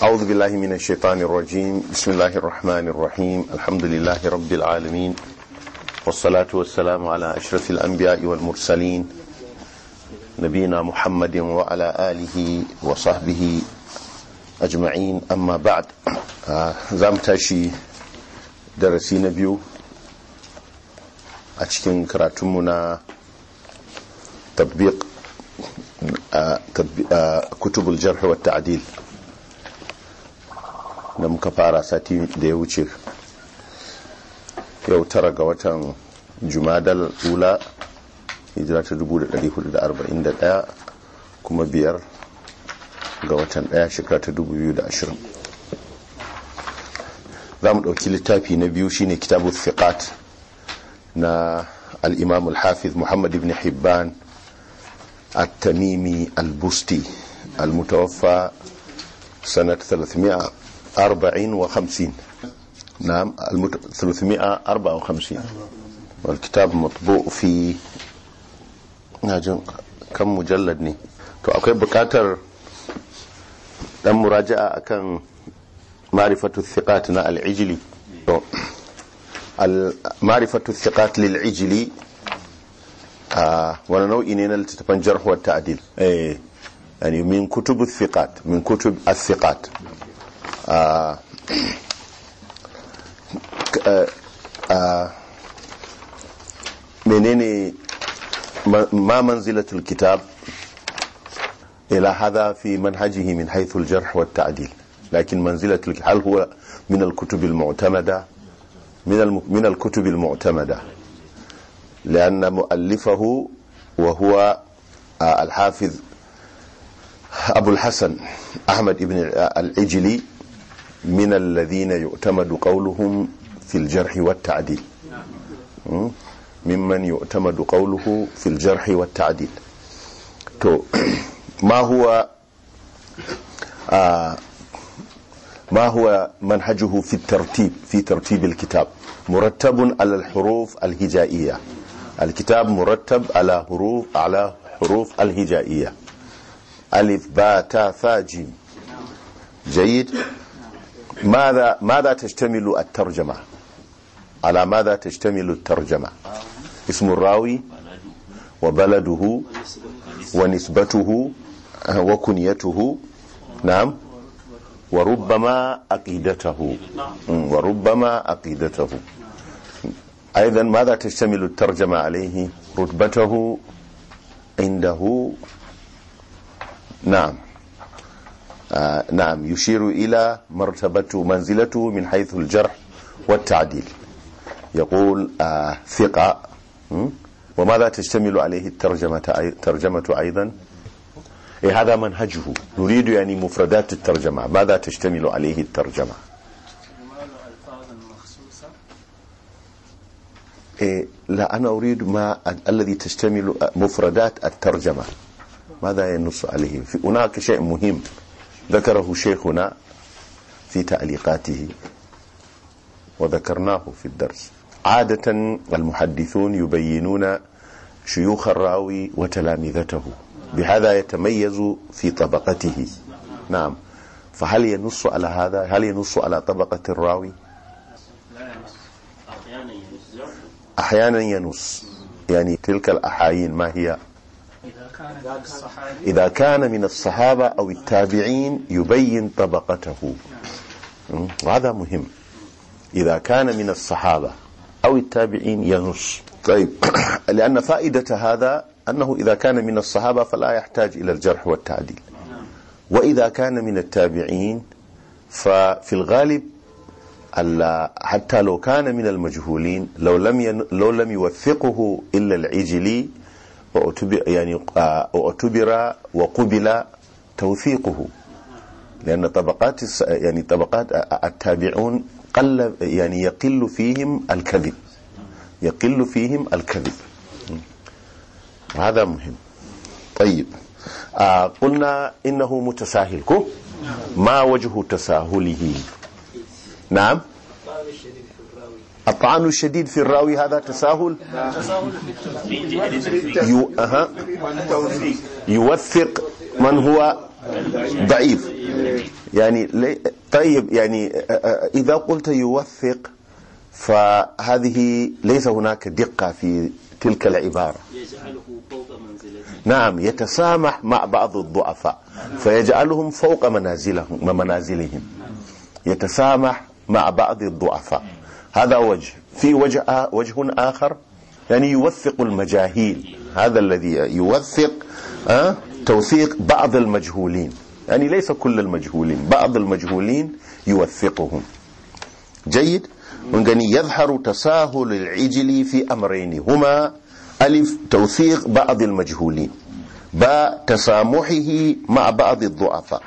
أعوذ بالله من الشيطان الرجيم بسم الله الرحمن الرحيم الحمد لله رب العالمين والصلاة والسلام على أشرف الأنبياء والمرسلين نبينا محمد وعلى آله وصحبه أجمعين أما بعد زامتاشي درسي نبيو أتشكين كراتمنا تطبيق كتب الجرح والتعديل da muka fara sati da ya wuce yau tara ga watan jumadal ula hijira ta 1441 kuma biyar ga watan daya shekara ta 2020 za mu ɗauki littafi na biyu shine kitabu fiqat na al-imam al-hafiz muhammad ibn hibban at-tamimi al-busti al-mutawaffa sanat 300 أربعين وخمسين نعم ثلاثمائة أربعة وخمسين والكتاب مطبوع في ناجن كم مجلد ني تو أكوي بكاتر دم مراجعة أكن معرفة الثقات نا العجلي معرفة الثقات للعجلي آه وانا نوعي نينا لتتبنجر هو التعديل أي يعني من كتب الثقات من كتب الثقات آه، آه، آه، منين ما منزلة الكتاب إلى هذا في منهجه من حيث الجرح والتعديل لكن منزلة هل هو من الكتب المعتمدة من من الكتب المعتمدة لأن مؤلفه وهو الحافظ أبو الحسن أحمد بن العجلي من الذين يؤتمد قولهم في الجرح والتعديل ممن يؤتمد قوله في الجرح والتعديل تو ما هو آه ما هو منهجه في الترتيب في ترتيب الكتاب مرتب على الحروف الهجائية الكتاب مرتب على حروف على حروف الهجائية ألف باء تاء جيم جيد ماذا ماذا تشتمل الترجمة على ماذا تشتمل الترجمة اسم الراوي وبلده ونسبته وكنيته نعم وربما عقيدته وربما عقيدته أيضا ماذا تشتمل الترجمة عليه رتبته عنده نعم آه، نعم يشير إلى مرتبته منزلته من حيث الجرح والتعديل يقول آه، ثقة وماذا تشتمل عليه الترجمة ترجمة أيضا إيه هذا منهجه نريد يعني مفردات الترجمة ماذا تشتمل عليه الترجمة إيه لا أنا أريد ما الذي تشتمل آه، مفردات الترجمة ماذا ينص عليه هناك شيء مهم ذكره شيخنا في تعليقاته وذكرناه في الدرس عادة المحدثون يبينون شيوخ الراوي وتلامذته بهذا يتميز في طبقته نعم فهل ينص على هذا هل ينص على طبقة الراوي أحيانا ينص يعني تلك الأحايين ما هي إذا كان من الصحابة أو التابعين يبين طبقته نعم. وهذا مهم إذا كان من الصحابة أو التابعين ينص طيب لأن فائدة هذا أنه إذا كان من الصحابة فلا يحتاج إلى الجرح والتعديل نعم. وإذا كان من التابعين ففي الغالب حتى لو كان من المجهولين لو لم لو لم يوثقه إلا العجلي واعتبر يعني آه، واعتبر وقبل توثيقه لأن طبقات يعني طبقات التابعون قل يعني يقل فيهم الكذب يقل فيهم الكذب وهذا مهم طيب آه قلنا إنه متساهل ما وجه تساهله نعم الطعن الشديد في الراوي هذا تساهل يوثق من هو ضعيف يعني طيب يعني إذا قلت يوثق فهذه ليس هناك دقة في تلك العبارة نعم يتسامح مع بعض الضعفاء فيجعلهم فوق منازلهم منازلهم يتسامح مع بعض الضعفاء هذا وجه في وجه وجه آخر يعني يوثق المجاهيل هذا الذي يوثق آه، توثيق بعض المجهولين يعني ليس كل المجهولين بعض المجهولين يوثقهم جيد ونقني يظهر تساهل العجل في أمرين هما ألف توثيق بعض المجهولين باء تسامحه مع بعض الضعفاء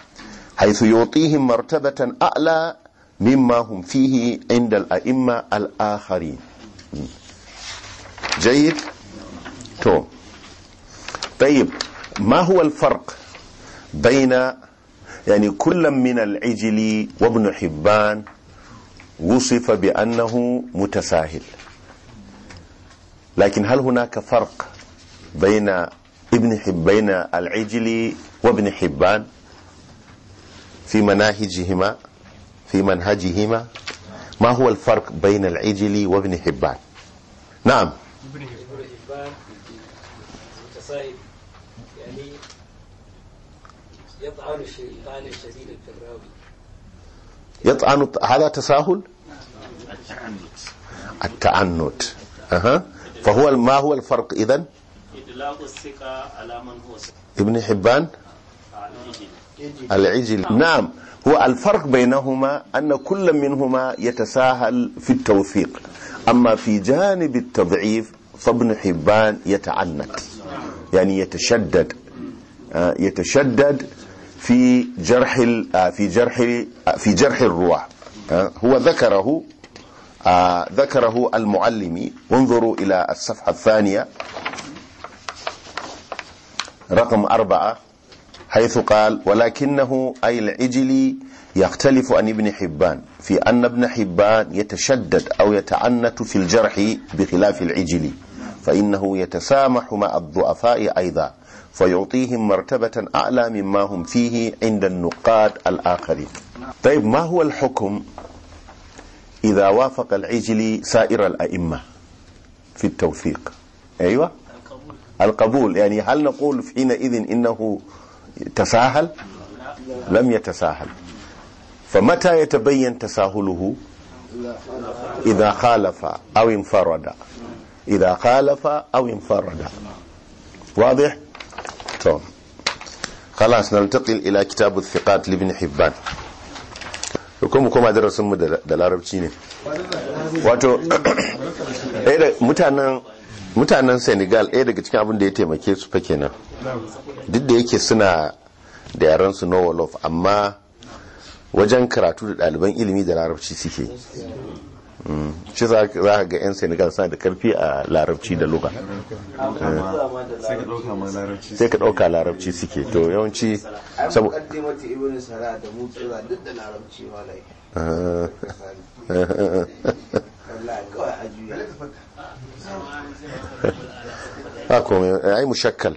حيث يعطيهم مرتبة أعلى مما هم فيه عند الأئمة الآخرين جيد تو طيب ما هو الفرق بين يعني كل من العجلي وابن حبان وصف بأنه متساهل لكن هل هناك فرق بين ابن حب بين العجلي وابن حبان في مناهجهما؟ في منهجهما ما هو الفرق بين العجلي وابن حبان نعم ابن حبان متصاحب يعني يطعن طعنا الشديد في الراوي يطعن هذا تساهل التعنت أها فهو ما هو الفرق اذا اطلاق الثقه على من هو ابن حبان العجل نعم هو الفرق بينهما أن كل منهما يتساهل في التوثيق أما في جانب التضعيف فابن حبان يتعنت يعني يتشدد آه، يتشدد في جرح آه، في جرح آه، في جرح الرواه هو ذكره ذكره المعلمي انظروا إلى الصفحة الثانية رقم أربعة حيث قال ولكنه أي العجلي يختلف عن ابن حبان في أن ابن حبان يتشدد أو يتعنت في الجرح بخلاف العجلي فإنه يتسامح مع الضعفاء أيضا فيعطيهم مرتبة أعلى مما هم فيه عند النقاد الآخرين طيب ما هو الحكم إذا وافق العجلي سائر الأئمة في التوثيق أيوة القبول يعني هل نقول حينئذ إنه tasahal lam ya tasahal mata ya tabayyan tasahuluhu idan khalafa aw infarada idan khalafa aw infarada واضح تو خلاص ننتقل الى كتاب الثقات لابن حبان kuma kuma darasin mu da larabci ne wato mutanen mutanen senegal ɗaya daga cikin abin da ya taimake su fa kenan duk da yake suna da yaren su na wolof amma wajen karatu da ɗaliban ilimi da larabci suke mm. shi za ka ga 'yan senegal suna da karfi a larabci da luga eh. sai ka ɗauka larabci suke to yawanci saboda هاكم عين مشكل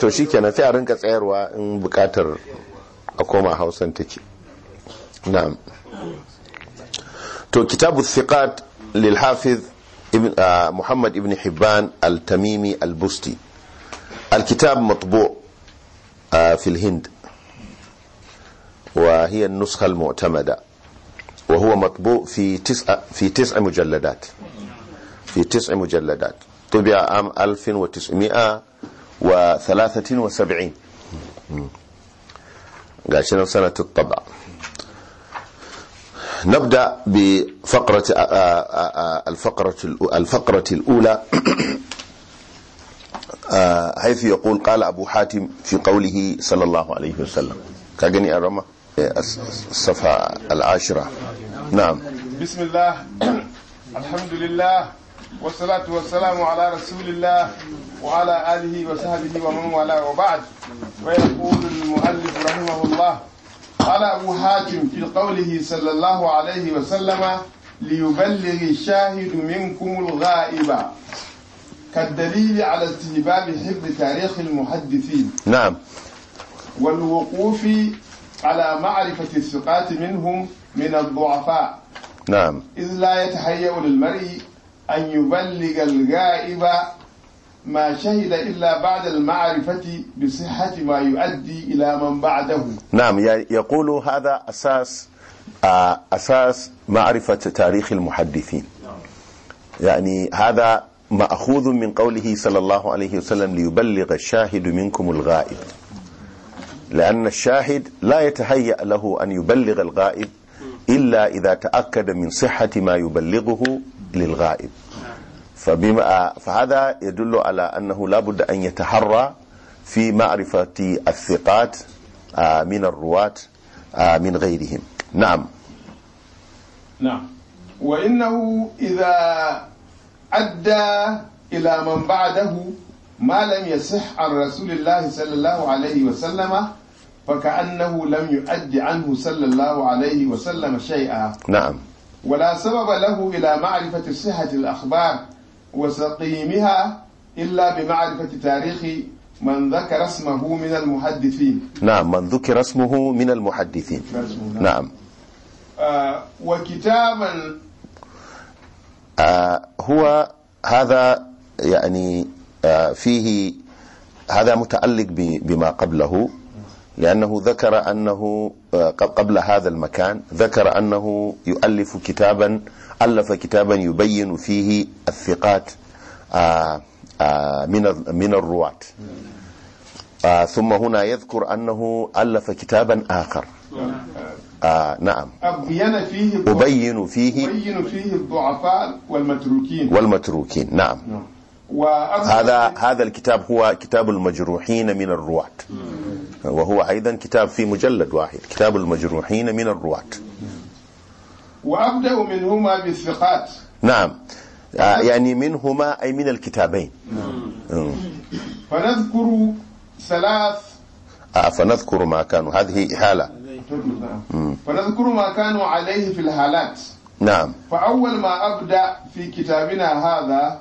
to shi kenan sai a rinka tsayarwa in bukatar a koma hausan take na'am to kitabu thiqat lil hafiz muhammad ibn hibban al-tamimi al-busti الكتاب مطبوع في الهند وهي النسخة المعتمدة وهو مطبوع في تسع في تسع مجلدات في تسع مجلدات طبع عام 1973 قاشنا سنة الطبع نبدأ بفقرة آه، آه، آه، الفقرة الفقرة الأولى حيث يقول قال أبو حاتم في قوله صلى الله عليه وسلم كاجني أرمه الصفحة العاشرة نعم بسم الله الحمد لله والصلاة والسلام على رسول الله وعلى آله وصحبه ومن والاه وبعد ويقول المؤلف رحمه الله قال أبو حاتم في قوله صلى الله عليه وسلم ليبلغ الشاهد منكم الغائب كالدليل على استهباب حفظ تاريخ المحدثين نعم والوقوف على معرفة الثقات منهم من الضعفاء نعم إذ لا يتهيأ للمرء أن يبلغ الغائب ما شهد إلا بعد المعرفة بصحة ما يؤدي إلى من بعده نعم يقول هذا أساس آه، أساس معرفة تاريخ المحدثين يعني هذا مأخوذ من قوله صلى الله عليه وسلم ليبلغ الشاهد منكم الغائب لأن الشاهد لا يتهيأ له أن يبلغ الغائب إلا إذا تأكد من صحة ما يبلغه للغائب فبما فهذا يدل على أنه لا بد أن يتحرى في معرفة الثقات آه، من الرواة آه، من غيرهم نعم نعم وإنه إذا أدى إلى من بعده ما لم يصح عن رسول الله صلى الله عليه وسلم فكأنه لم يؤدي عنه صلى الله عليه وسلم شيئا نعم ولا سبب له إلى معرفة صحة الأخبار وسقيمها إلا بمعرفة تاريخ من ذكر اسمه من المحدثين نعم من ذكر اسمه من المحدثين نعم, نعم. آه وكتابا آه هو هذا يعني آه فيه هذا متعلق بما قبله لأنه ذكر أنه آه، قبل هذا المكان ذكر أنه يؤلف كتابا ألف كتابا يبين فيه الثقات آه، آه، من من الرواة ثم هنا يذكر أنه ألف كتابا آخر آه نعم أبين فيه أبين فيه أبين فيه الضعفاء والمتروكين والمتروكين نعم, نعم. هذا هذا الكتاب هو كتاب المجروحين من الرواة وهو أيضا كتاب في مجلد واحد كتاب المجروحين من الرواة وأبدأ منهما بالثقات نعم آه، يعني منهما أي من الكتابين نعم. فنذكر ثلاث آه فنذكر ما كانوا هذه إحالة نعم. فنذكر ما كانوا عليه في الحالات نعم فأول ما أبدأ في كتابنا هذا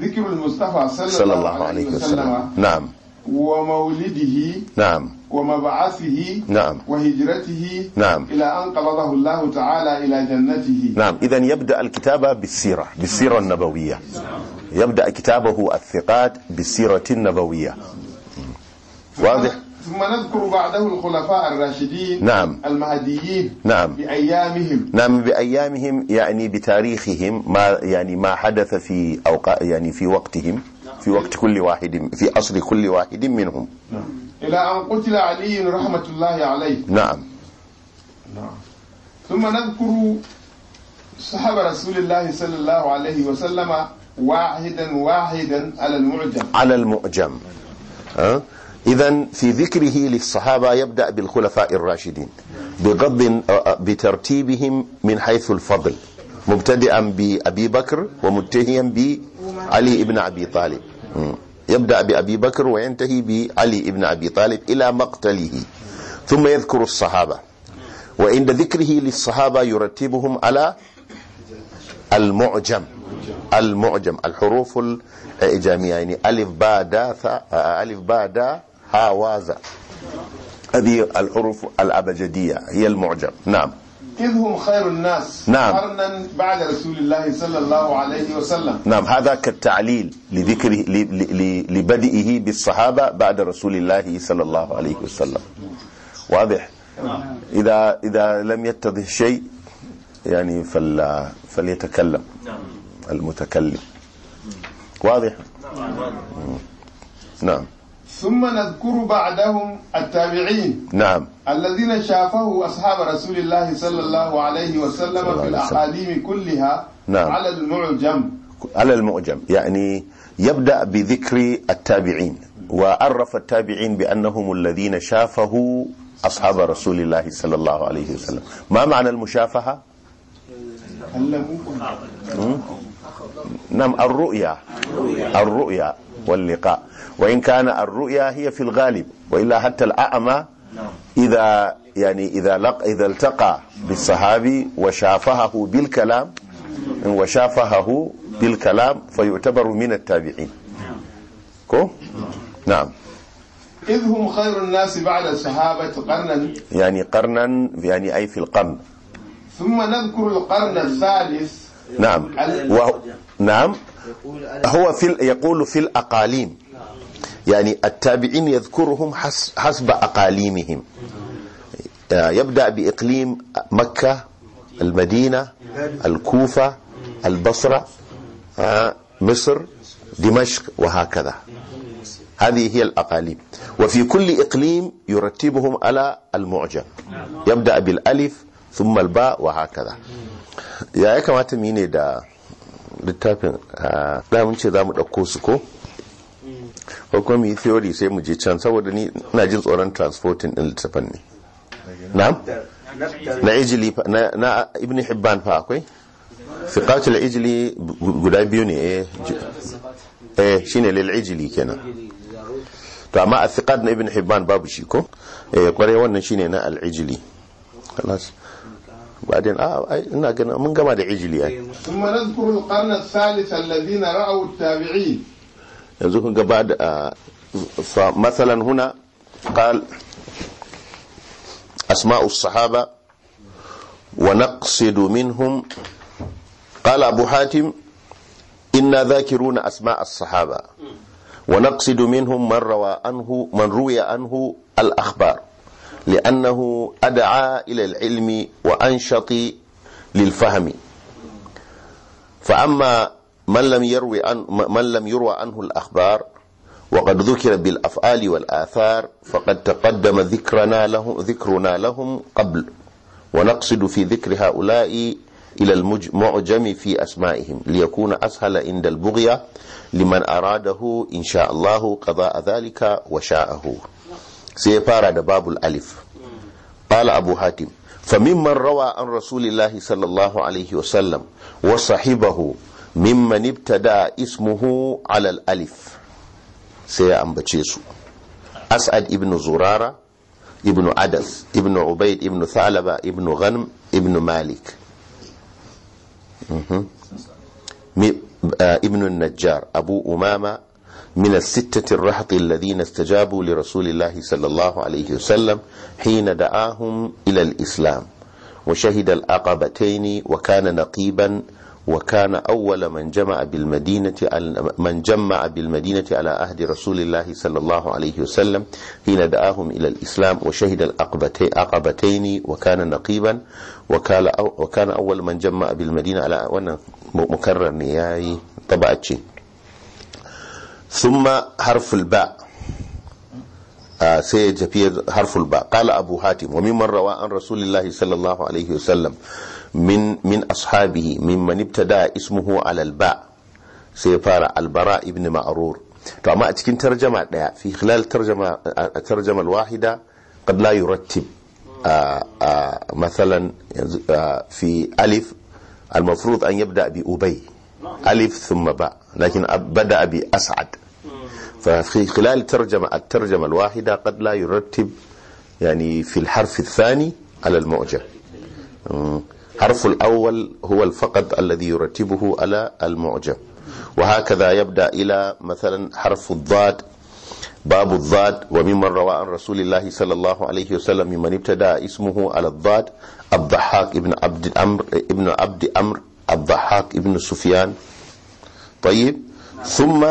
ذكر المصطفى صلى, الله عليه وسلم, وسلم نعم ومولده نعم ومبعثه نعم وهجرته نعم إلى أن قبضه الله تعالى إلى جنته نعم إذا يبدأ الكتاب بالسيرة بالسيرة النبوية يبدأ كتابه الثقات بالسيرة النبوية واضح ثم نذكر بعده الخلفاء الراشدين نعم المهديين نعم بأيامهم نعم بأيامهم يعني بتاريخهم ما يعني ما حدث في أوقا يعني في وقتهم نعم. في وقت كل واحد في عصر كل واحد منهم نعم إلى أن قتل علي رحمة الله عليه نعم نعم ثم نذكر صحاب رسول الله صلى الله عليه وسلم واحدا واحدا على المعجم على المعجم ها أه؟ إذا في ذكره للصحابة يبدأ بالخلفاء الراشدين بغض آه، بترتيبهم من حيث الفضل مبتدئا بأبي بكر ومنتهيا بعلي بن أبي طالب يبدأ بأبي بكر وينتهي بعلي بن أبي طالب إلى مقتله ثم يذكر الصحابة وعند ذكره للصحابة يرتبهم على المعجم المعجم الحروف الإعجامية يعني ألف باء داء آه، ألف باء داء هاوازا هذه الحروف الأبجدية هي المعجم نعم إذ هم خير الناس نعم قرنا بعد رسول الله صلى الله عليه وسلم نعم هذا كالتعليل لذكره لبدئه بالصحابة بعد رسول الله صلى الله عليه وسلم واضح نعم. إذا إذا لم يتضح شيء يعني فل فليتكلم نعم. المتكلم واضح نعم. نعم. ثم نذكر بعدهم التابعين نعم الذين شافه أصحاب رسول الله صلى الله عليه وسلم الله في الأحاديم كلها نعم على المعجم على المعجم يعني يبدأ بذكر التابعين وعرف التابعين بأنهم الذين شافه أصحاب رسول الله صلى الله عليه وسلم ما معنى المشافهة؟ نعم الرؤيا الرؤيا واللقاء وإن كان الرؤيا هي في الغالب وإلا حتى الأعمى إذا يعني إذا لق إذا التقى بالصحابي وشافهه بالكلام وشافهه بالكلام فيعتبر من التابعين كو نعم إذ هم خير الناس بعد الصحابة قرنا يعني قرنا يعني أي في القرن ثم نذكر القرن الثالث نعم وهو نعم هو في يقول في الأقاليم يعني التابعين يذكرهم حسب أقاليمهم آه، يبدأ بإقليم مكة المدينة الكوفة البصرة آه، مصر دمشق وهكذا هذه هي الأقاليم وفي كل إقليم يرتبهم على المعجم يبدأ بالألف ثم الباء وهكذا يا كما تميني دا littafin da mun ce za mu ɗauko su ko ko mu yi theory sai mu je can saboda ni ina jin tsoron transporting din littafin ne na na ijili na ibn hibban fa akwai fiqatul ijli guda biyu ne eh eh shine lil ijli kenan to amma athiqat na ibn hibban babu shi ko eh kware wannan shine na al ijli خلاص بعدين اه ina ganin mun gama da ijili ai ثم نذكر القرن الثالث الذين راوا التابعين yanzu kun gaba da masalan huna qal asma'u sahaba wa naqsidu minhum qala abu hatim inna dhakiruna asma'a sahaba ونقصد منهم من روى عنه من روي عنه الأخبار لأنه أدعى إلى العلم وأنشط للفهم فأما من لم يروي عن من لم يروى عنه الأخبار وقد ذكر بالأفعال والآثار فقد تقدم ذكرنا لهم ذكرنا لهم قبل ونقصد في ذكر هؤلاء إلى المعجم في أسمائهم ليكون أسهل عند البغية لمن أراده إن شاء الله قضاء ذلك وشاءه سيفارة باب الألف قال أبو حاتم فممن روى عن رسول الله صلى الله عليه وسلم وصحبه mimman ibtada ismuhu alal alif sai ya ambace su as'ad ibn zurara ibn adas ibn ubaid ibn thalaba ibn ghanm ibn malik mhm. eh, ibn najjar abu umama من الستة الرحط الذين استجابوا لرسول الله صلى الله عليه وسلم حين دعاهم wa الإسلام وشهد الأقابتين وكان نقيبا وكان أول من جمع بالمدينة من جمع بالمدينة على عهد رسول الله صلى الله عليه وسلم حين دعاهم إلى الإسلام وشهد العقبتين وكان نقيبا وكان وكان أول من جمع بالمدينة على وانا مكرر نياي تبعتشي ثم حرف الباء آه سيد حرف الباء قال أبو حاتم وممن روى عن رسول الله صلى الله عليه وسلم من من أصحابه ممن ابتدى اسمه على الباء سيفار البراء ابن معرور to amma a cikin في خلال الترجمة الترجمة الواحدة قد لا يرتب آآ آه، آه، مثلا آه، في ألف المفروض أن يبدأ بأبي ألف ثم باء لكن بدأ بأسعد ففي خلال الترجمة الترجمة الواحدة قد لا يرتب يعني في الحرف الثاني على المعجم حرف الأول هو الفقد الذي يرتبه على المعجم وهكذا يبدأ إلى مثلا حرف الضاد باب الضاد وممن روى عن رسول الله صلى الله عليه وسلم ممن ابتدى اسمه على الضاد الضحاك ابن عبد أمر ابن عبد أمر الضحاك ابن سفيان طيب ثم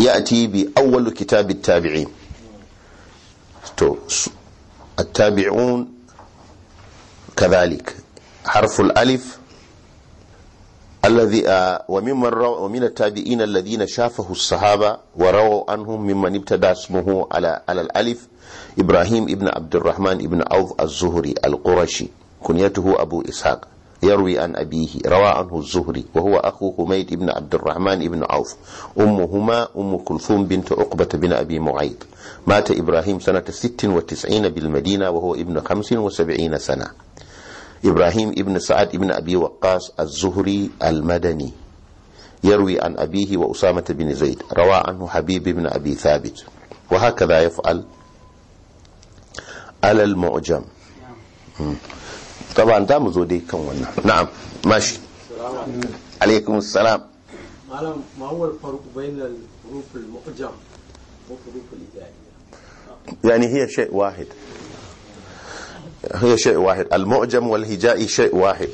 يأتي بأول كتاب التابعين التابعون كذلك حرف الألف الذي آه، وممن روى ومن التابعين الذين شافه الصحابة ورووا عنهم ممن ابتدى اسمه على على الألف إبراهيم ابن عبد الرحمن ابن عوف الزهري القرشي كنيته أبو إسحاق يروي عن أبيه روى عنه الزهري وهو أخو حميد ابن عبد الرحمن ابن عوف أمهما أم كلثوم بنت عقبة بن أبي معيط مات إبراهيم سنة ست وتسعين بالمدينة وهو ابن خمس وسبعين سنة إبراهيم ابن سعد ابن أبي وقاص الزهري المدني يروي عن أبيه وأسامة بن زيد روى عنه حبيب بن أبي ثابت وهكذا يفعل على المعجم طبعا دام زودي كم نعم ماشي عليكم السلام معلم ما هو الفرق بين الحروف المعجم وحروف الهجائية يعني هي شيء واحد هي شيء واحد المعجم والهجائي شيء واحد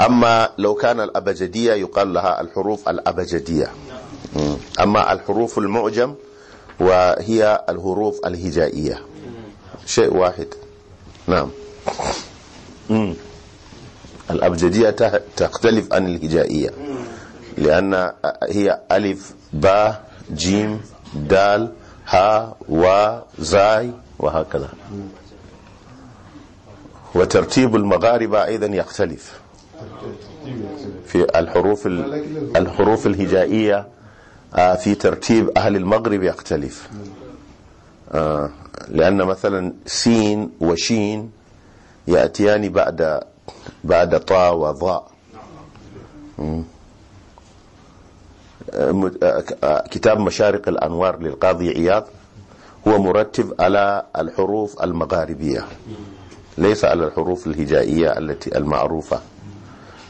أما لو كان الأبجدية يقال لها الحروف الأبجدية أما الحروف المعجم وهي الحروف الهجائية شيء واحد نعم الأبجدية تختلف عن الهجائية لأن هي ألف باء جيم دال ها زاي وهكذا وترتيب المغاربة أيضا يختلف في الحروف الحروف الهجائية آه، في ترتيب أهل المغرب يختلف آه، لأن مثلا سين وشين يأتيان بعد بعد طاء وضاء آه، كتاب مشارق الأنوار للقاضي عياض هو مرتب على الحروف المغاربية ليس على الحروف الهجائية التي المعروفة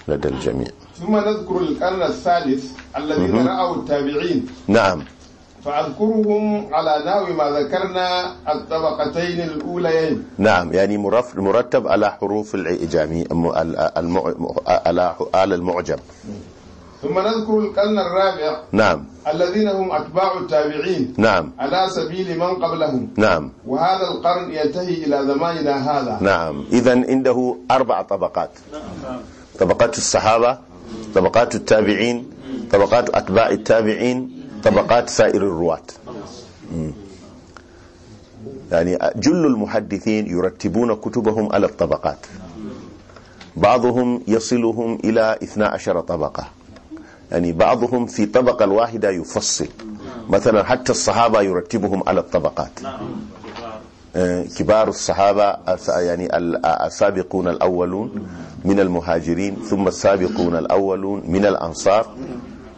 لدى الجميع ثم نذكر القرن الثالث الذين رأوا التابعين نعم فأذكرهم على ناوي ما ذكرنا الطبقتين الأوليين نعم يعني مرتب على حروف الإعجامي على المعجم ثم نذكر القرن الرابع نعم الذين هم أتباع التابعين نعم على سبيل من قبلهم نعم وهذا القرن ينتهي إلى زماننا هذا نعم إذا عنده أربع طبقات نعم. طبقات الصحابة طبقات التابعين طبقات أتباع التابعين طبقات سائر الرواة يعني جل المحدثين يرتبون كتبهم على الطبقات بعضهم يصلهم إلى 12 طبقة يعني بعضهم في طبقة واحدة يفصل مثلا حتى الصحابة يرتبهم على الطبقات آه، كبار الصحابة يعني السابقون الأولون من المهاجرين ثم السابقون الأولون من الأنصار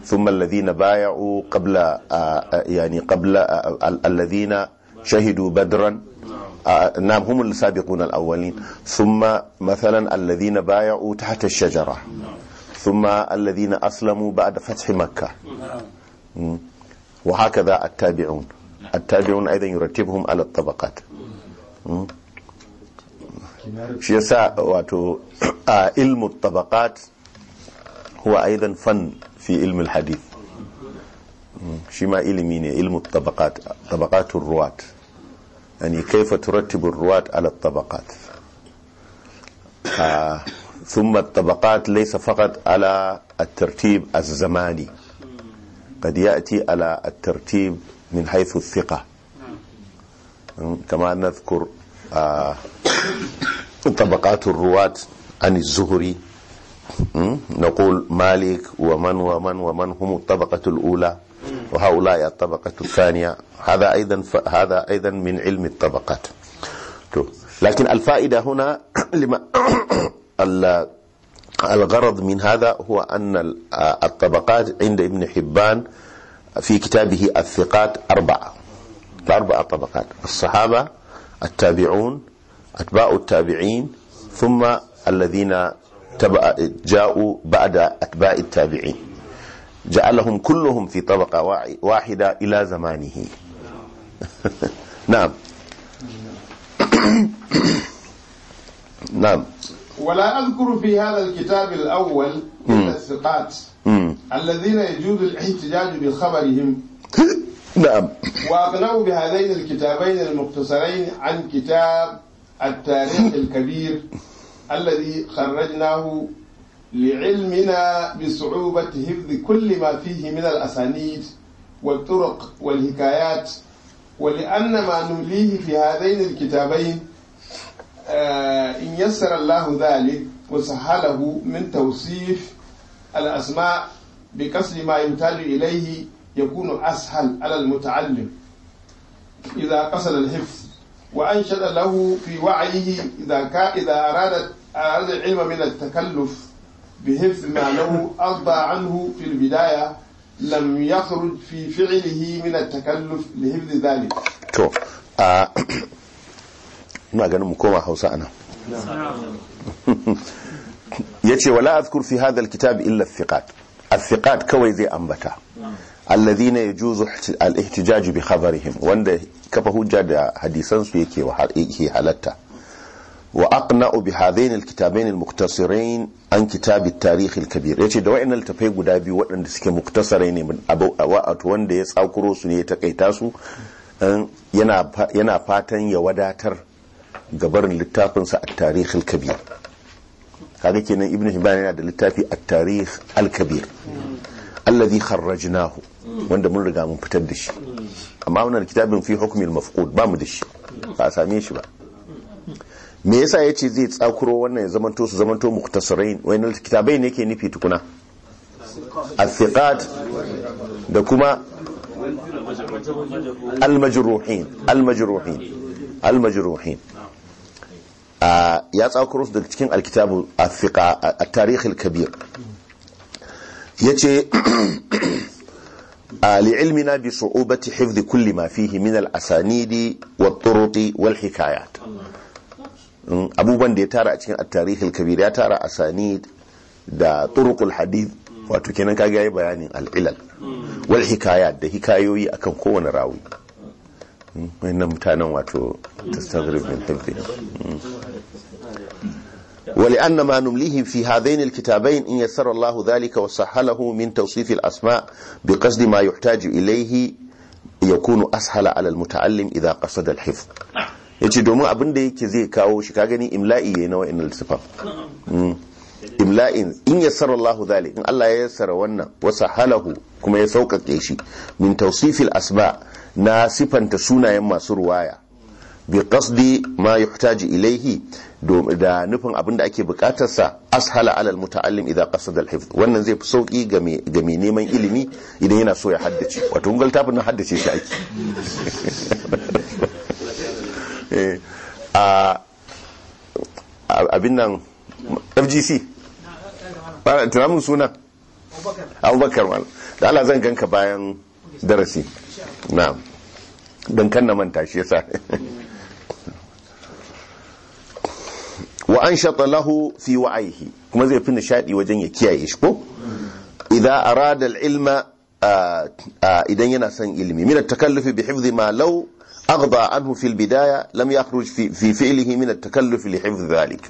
ثم الذين بايعوا قبل آه، آه، يعني قبل الذين شهدوا بدرا نعم هم السابقون الأولين ثم مثلا الذين بايعوا تحت الشجرة ثم الذين أسلموا بعد فتح مكة نعم. وهكذا التابعون التابعون أيضا يرتبهم على الطبقات شيسا واتو آه، علم الطبقات هو أيضا فن في علم الحديث شما علم علم الطبقات طبقات الرواة يعني كيف ترتب الرواة على الطبقات آه، ثم الطبقات ليس فقط على الترتيب الزماني قد يأتي على الترتيب من حيث الثقة كما نذكر آه، طبقات الرواة عن الزهري نقول مالك ومن ومن ومن هم الطبقة الأولى وهؤلاء الطبقة الثانية هذا أيضا هذا أيضا من علم الطبقات لكن الفائدة هنا لما الغرض من هذا هو أن الطبقات عند ابن حبان في كتابه الثقات أربعة أربعة طبقات الصحابة التابعون أتباع التابعين ثم الذين جاءوا بعد أتباع التابعين جعلهم كلهم في طبقة واحدة إلى زمانه نعم نعم ولا أذكر في هذا الكتاب الأول إلا الثقات الذين يجوز الاحتجاج بخبرهم نعم وأقنعوا بهذين الكتابين المختصرين عن كتاب التاريخ الكبير الذي خرجناه لعلمنا بصعوبة حفظ كل ما فيه من الأسانيد والطرق والحكايات ولأن ما نمليه في هذين الكتابين آه، إن يسر الله ذلك وسهله من توصيف الأسماء بكسر ما يمتل إليه يكون أسهل على المتعلم إذا قصد الحفظ وأنشد له في وعيه إذا كا إذا أراد أراد العلم من التكلف بحفظ ما له أرضى عنه في البداية لم يخرج في فعله من التكلف لحفظ ذلك. طيب، آه، muna ganin mu koma hausa anan yace wa azkur fi hadal kitabi illa athiqat thiqat kawai zai ambata alladhina yajuzu al-ihtijaj bi khabarihim wanda kafa hujja da hadisansu su yake yake halatta wa aqna'u bi hadhain alkitabain almuqtasirin an kitab at-tarikh al-kabir yace da wa'annan tafai guda biyu waɗanda suke muktasarai ne wa'atu wanda ya tsakuro su ne ya takaita su yana fatan ya wadatar gabarin littafinsa a al kabir kaga kenan ibn hibban yana da littafi a tarih al-kabir allazi kharrajnahu wanda mun riga mun fitar da shi amma wannan kitabin fi al mafqud ba mu da shi ba a same shi ba me yasa yace zai tsakuro wannan ya zamanto su zamanto muktasarain wayannan kitabai ne yake nufi tukuna al-thiqat da kuma al-majruhin al-majruhin al-majruhin ya tsakuro su daga cikin alkitabu a fiƙa a tarihil kabir ya ce kulli ma fi كل ما فيه wa turuti wal hikayat abubuwan da ya tara a cikin attarihi kabir ya tara asanid da turukul hadith wato kenan kaga yayi bayanin al'ilal wal hikayat da hikayoyi akan kowane rawi wannan mutanen wato tastagrib min ولأن ما نمليه في هذين الكتابين إن يسر الله ذلك وسهله من توصيف الأسماء بقصد ما يحتاج إليه يكون أسهل على المتعلم إذا قصد الحفظ yace domin abin da yake zai kawo shi ka gani imla'i yayi na wa'annan lissafan imla'in in yassara Allah zalik in Allah ya yassara wannan wa sahalahu kuma ya sauƙaƙe shi min tawsifil asma na sifanta sunayen masu ruwaya bi qasdi ma yuhtaji ilaihi da nufin abin da ake bukatarsa ashala alal muta'allim idza qasada al hifz wannan zai fi sauki ga mai neman ilimi idan yana so ya haddace wato ungal tafin na haddace shi ake eh, a abin nan FGC ba tunamin suna abubakar mal da Allah zan ganka bayan darasi na don kan na manta shi yasa wa an lahu fi wa'aihi kuma zai fi nishadi wajen ya kiyaye shi ko idza arada al-ilma idan yana son ilimi min at-takallufi bi hifdhi ma law aghda anhu fi al-bidaya lam yakhruj fi fi'lihi min at-takallufi li hifdhi dhalik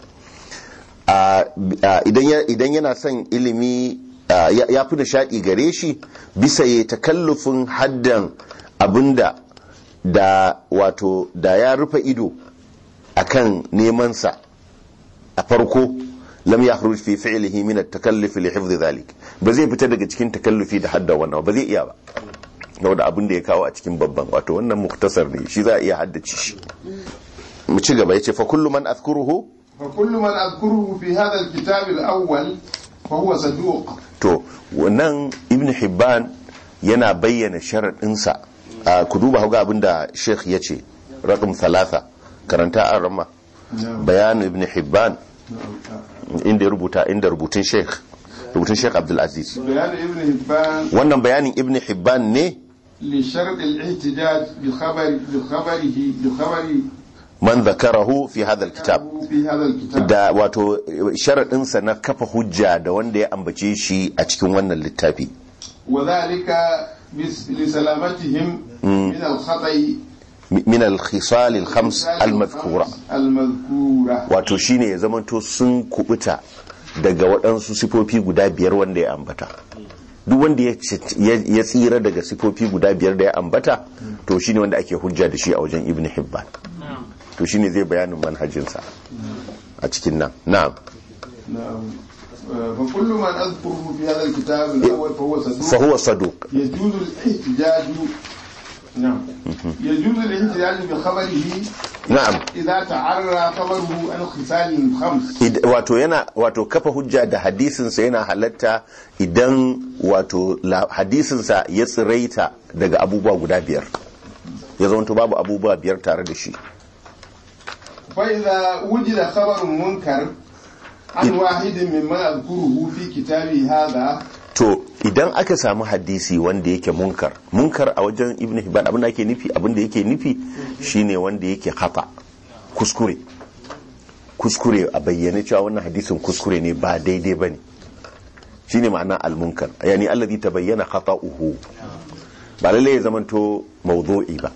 idan yana son ilimi ya fi nishadi gare shi bisa ya takallufin haddan abinda da wato da ya rufe ido akan neman sa a farko lam yakhruj fi fi'lihi min at-takalluf li hifz dhalik ba zai fita daga cikin takallufi da hadda wannan ba zai iya ba saboda abin da ya kawo a cikin babban wato wannan muktasar ne shi za a iya haddace shi mu ci gaba yace fa kullu man azkuruhu fa kullu man azkuruhu fi hadha al-kitab al-awwal fa huwa saduq to wannan ibn hibban yana bayyana sharadin sa ku duba ga abinda sheikh yace raqam 3 karanta an rama bayan ibn hibban inda ya rubuta inda rubutun sheikh rubutun sheikh aziz wannan bayanin ibn hibban ne لشرط الاحتجاج بخبر بخبره بخبر man zakarahu fi hadha kitab. da wato sharadin sa na kafa hujja da wanda ya ambace shi a cikin wannan littafi wadhalika li salamatihim mm. min alkhata'i min al-khisal al-khams al-madhkura wato shine ya zamanto sun kubuta daga waɗansu sifofi guda biyar wanda ya ambata duk wanda ya tsira daga sifofi guda biyar da ya ambata to shine wanda ake hujja da shi a wajen ibn hibban to shine zai bayanin manhajinsa a cikin nan na'am فكل من أذكره في هذا الكتاب الأول فهو صدوق فهو صدوق يجوز الاحتجاج نعم يجوز الاحتجاج بخبره نعم اذا تعرى khabaruhu an خصال خمس wato yana wato kafa hujja da hadisin yana halatta idan wato ya tsiraita daga abubuwa guda biyar ya zonto babu abubuwa biyar tare da shi fa idza da khabarun munkar an wahidin mimma azkuruhu fi kitabi to idan aka samu hadisi wanda yake munkar munkar a wajen ibn hibban abin da ake nufi abin da yake nufi shine wanda yake khata kuskure kuskure a bayyane cewa wannan hadisin kuskure ne ba daidai bane shine ma'ana al-munkar yani allazi tabayyana khata'uhu ba lalle ya zamanto mawdu'i ba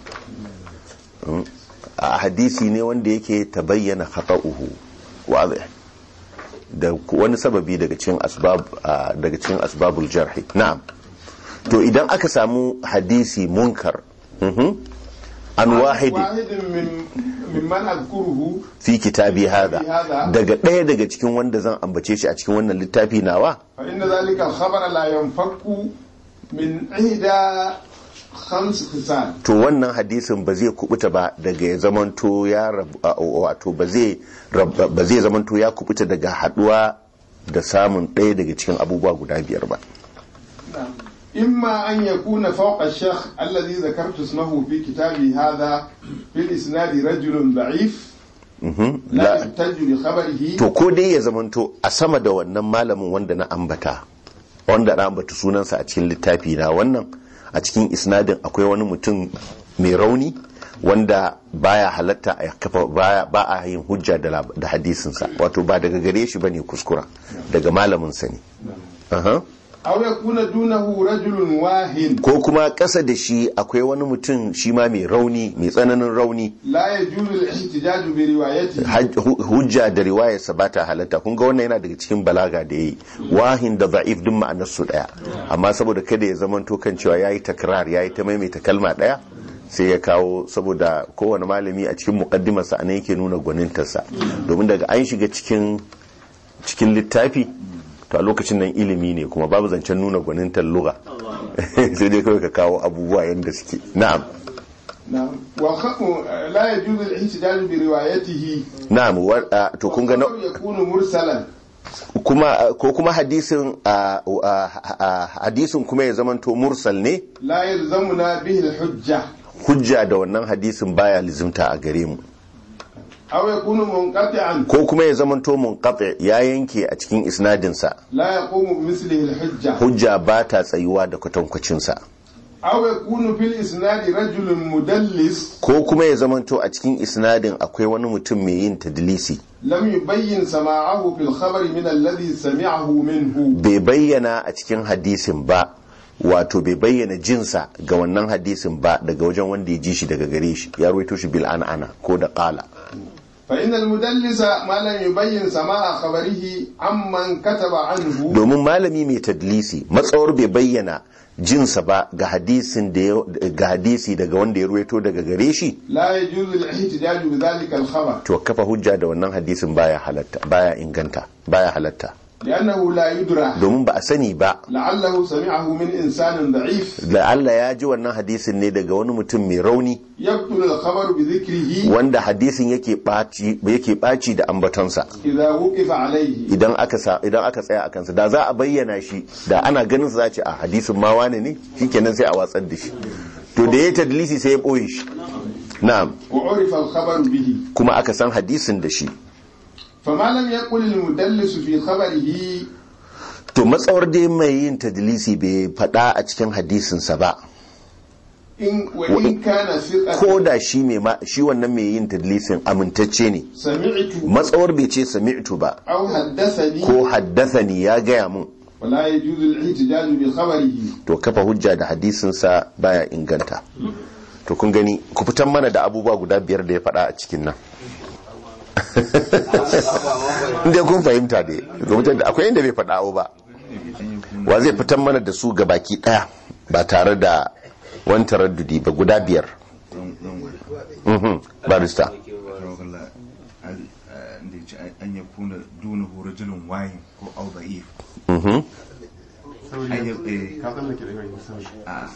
hmm? a hadisi ne wanda yake tabayyana khata'uhu wa da wani sababi daga cikin asbab daga cikin asbabul jarhi na'am to idan aka samu hadisi munkar mhm, an wahidi man azkuruhu fi kitabi hada daga ɗaya daga cikin wanda zan ambace shi a cikin wannan littafi nawa fa inna zalika khabara la yanfaku min ihda to wannan hadisin ba zai kubuta ba daga ya zamanto ya wato ba zai zamanto ya kubuta daga haduwa da samun ɗaya daga cikin abubuwa guda biyar ba imma an ya kuna fauka shekh allazi zakartu sunahu fi kitabi hadha fil isnadi rajulun da'if mhm. to ko dai ya zamanto a sama da wannan malamin wanda na ambata wanda na ambata sunansa a cikin littafi na wannan a cikin isnadin akwai wani mutum mai rauni wanda baya halatta a kafa ba a yin hujja da hadisinsa wato ba daga gare shi ne kuskura daga malamin sa ne aw yakuna dunahu rajulun wahin ko kuma ƙasa da shi akwai wani mutum shi ma mai rauni mai tsananin rauni la yajuzu al-ihtijaj bi riwayatihi hujja da riwayarsa ba ta halatta kun ga wannan yana daga cikin balaga da yayi wahin da za'if din ma'anar su daya amma saboda kada ya to kan cewa yayi takrar yayi ta maimaita kalma daya sai ya kawo saboda kowane malami a cikin muqaddimarsa anan yake nuna gwanintarsa domin daga an shiga cikin littafi to a lokacin nan ilimi ne kuma babu zancen nuna gwanin talluga sai dai kawai ka kawo abubuwa yadda suke na'am la yajuzu al-ihtidal bi riwayatihi na'am to kun ga kuma ko kuma hadisin hadisin kuma ya zamanto mursal ne la yalzamuna bihi al-hujja hujja da wannan hadisin baya lizimta a gare mu kunu ko kuma ya zamanto munqati ya yanke a cikin isnadinsa la yaqumu misli hujja hujja ba ta tsayuwa da kwatankwacin sa awai kunu fil isnadi rajulun mudallis ko kuma ya zamanto a cikin isnadin akwai wani mutum mai yin tadlisi lam yubayyin sama'ahu fil khabari min alladhi sami'ahu minhu bai bayyana a cikin hadisin ba wato bai bayyana jinsa ga wannan hadisin ba daga wajen wanda ya ji shi daga gare shi ya ruwaito shi bil ana ko da qala فإن المدلس ما لم يبين سماع خبره عمن كتب عنه domin malami mai tadlisi matsawar bai bayyana jinsa ba ga hadisin da ga hadisi daga wanda ya ruwaito daga gare shi la yajuzu al-ihtijaj bi dhalika al-khabar to kafa hujja da wannan hadisin baya halatta baya inganta baya halatta domin ba a sani ba da Allah ya ji wannan hadisin ne daga wani mutum mai rauni wanda hadisin yake ɓaci da ambatonsa idan aka tsaya a kansa da za a bayyana shi da ana ganin za a ce a hadisin ma wane ne kenan sai a watsar da shi to da ya tadlisi sai ya ɓoye shi na'am kuma aka san hadisin da shi famalam ya kulil mudallisu fi khabarihi to matsawar dai mai yin tadlisi bai faɗa a cikin hadisinsa ba ko da shi shi wannan mai yin tadlisin amintacce ne matsawar bai ce sami'tu ba ko haddasani ya gaya mun to kafa hujja da hadisinsa baya inganta to kun gani ku fitan mana da abubuwa guda biyar da ya faɗa a cikin nan inda kun fahimta ne gwamnatin da akwai inda bai faɗa ba wa zai fitan mana da su ga baki ɗaya ba tare da wani taraddudi ba guda biyar mhm, barista an ya kuna duna wayin ko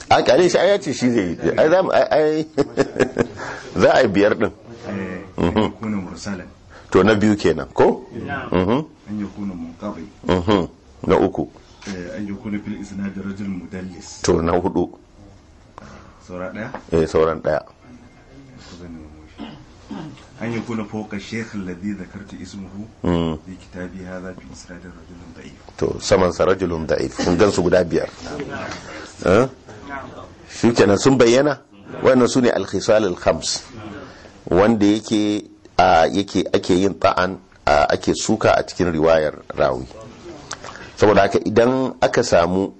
a kyale shi ya ce shi zai yi za a yi biyar din mhm. eh, kuna mursalin to na biyu kenan ko mhm. mhm. na uku eh, an yi kuna fil isnad rajul mudallis to na hudu sauran daya eh sauran daya an yi kuna fauka shekh alladhi zakartu ismuhu bi mm. kitabi hadha fi isnad rajulun da'if to saman sa rajulun da'if kun gansu guda biyar eh? shi kenan sun bayyana wannan sune al-khisal al-khams wanda yake yake ake yin ta'an ake suka a cikin riwayar rawi saboda haka idan aka samu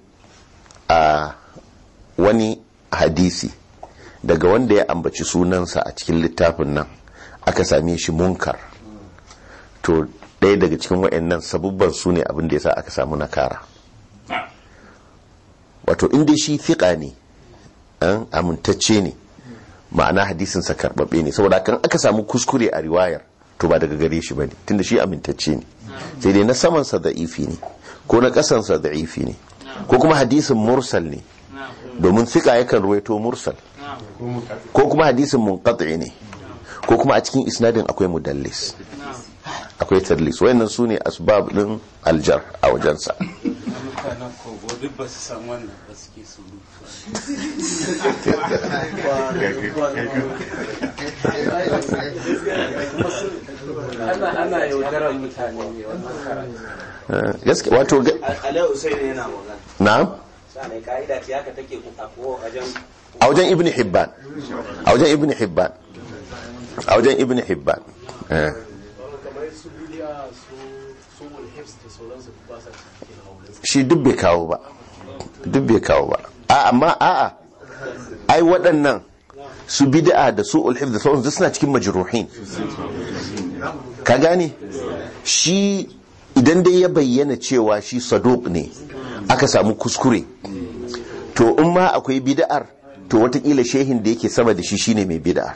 a wani hadisi daga wanda ya ambaci sunansa a cikin littafin nan aka same shi munkar to ɗaya daga cikin waɗannan sabubban su ne abin da ya sa aka samu nakara wato inda shi fiƙa ne amintacce ne ma'ana hadisin sa karbabbe ne saboda kan aka samu kuskure a riwayar to ba daga gare shi bane tunda shi amintacce ne sai dai na saman sa da'ifi ne ko na kasan sa da'ifi ne ko kuma hadisin mursal ne domin sika yakan ruwaito mursal ko kuma hadisin munqati ne ko kuma a cikin isnadin akwai mudallis akwai tarlis wayannan sune asbab din aljar a wajensa mutanen kogo duk ba su san wannan ba suke surutu ana yaudarar mutane ne wannan karatu eh, wato alayhi usaini yana magana na'am sai ka'ida ce haka take ko a wajen a wajen ibn hibban a wajen ibn hibban a wajen ibn hibban eh. shi duk kawo ba dubbe kawo ba a amma a'a ai waɗannan su bid'a da su ulhif da sauransu suna cikin majruhin ka gane shi idan dai ya bayyana cewa shi sadok ne aka samu kuskure to in ma akwai bid'ar to watakila shehin da yake sama da shi shine mai bid'a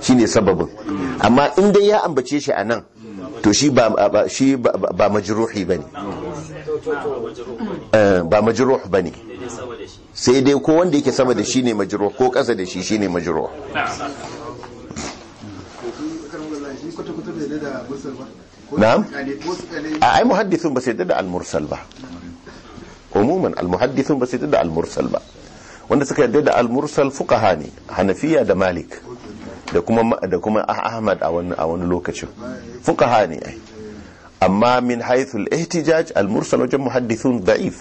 shine sababin amma in dai ya ambace shi a nan to shi ba shi ba majruhi bane eh, ba majruh bane sai dai ko wanda yake sama da shi ne majruh ko kasa da shi shine majruh na'am a ai muhaddithun ba sai da al-mursal ba umuman al-muhaddithun ba sai da al-mursal ba wanda suka yarda da al-mursal fuqaha ne hanafiya da malik da kuma da kuma ahmad a wani a wani lokacin fuqaha ne ai amma min haythul ihtijaj al mursal wajen muhaddithun da'if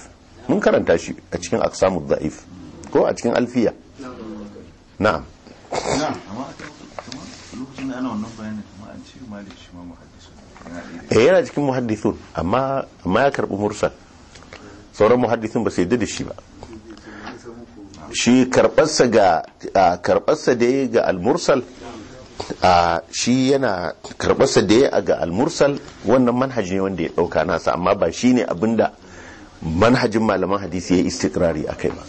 mun karanta shi a cikin aqsamu da'if ko a cikin alfiya na'am yana cikin muhaddithun amma amma ya karbi mursal sauran muhaddithun ba su yadda da shi ba shi karbarsa ga karbarsa da ya ga almursal shi yana karbarsa da ya ga almursal wannan manhaji ne wanda ya dauka nasa amma ba shi ne abinda manhajin malaman hadisi ya yi istikrari a kai ba